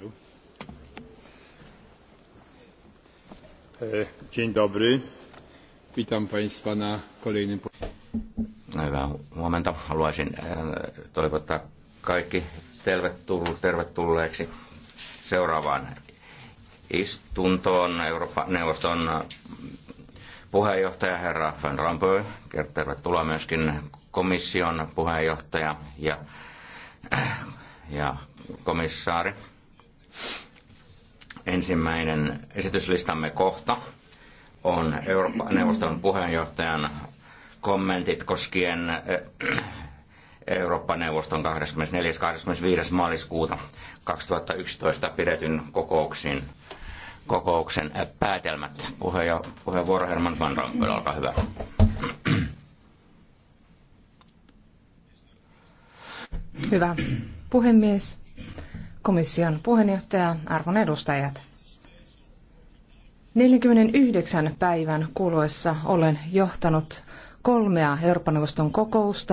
E, dzień dobry. Witam Państwa na kolejnym... Hyvää huomenta. Haluaisin e, toivottaa kaikki tervetulleeksi seuraavaan istuntoon. Euroopan neuvoston puheenjohtaja herra Van Rompuy. Tervetuloa myöskin komission puheenjohtaja ja, ja komissaari. Ensimmäinen esityslistamme kohta on Euroopan neuvoston puheenjohtajan kommentit koskien eh, Eurooppa-neuvoston 24.–25. maaliskuuta 2011 pidetyn kokouksin, kokouksen eh, päätelmät. Puheenjo- puheenvuoro Herman van Rompuy, olkaa hyvä. Hyvä puhemies komission puheenjohtaja, arvon edustajat. 49 päivän kuluessa olen johtanut kolmea Euroopan neuvoston kokousta